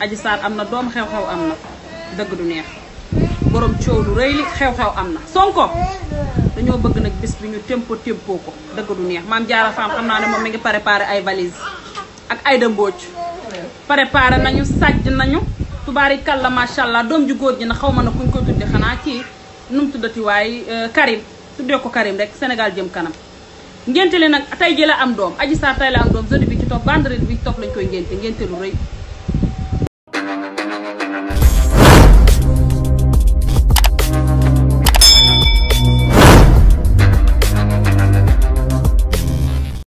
aji saar am na doom xew-xew am na dëgg du neex borom coow lu rëy li xew-xew am na sonko dañoo bëgg nag bis bi ñu tempo tempo ko dëgg du neex maam jaara faam xam naa ne moom mi ngi préparé ay valise ak ay dëmbooj préparé nañu sàjj nañu tubaari kàlla macha allah doom ju góor ji na xaw ma na kuñ koy tudde xanaa kii nu mu tuddati waay euh, Karim tuddee ko Karim rek Sénégal jëm kanam ngénte li nag tey ji la am doom aji saar la am doom jeudi bi ci koy ngénte ngénte lu rëy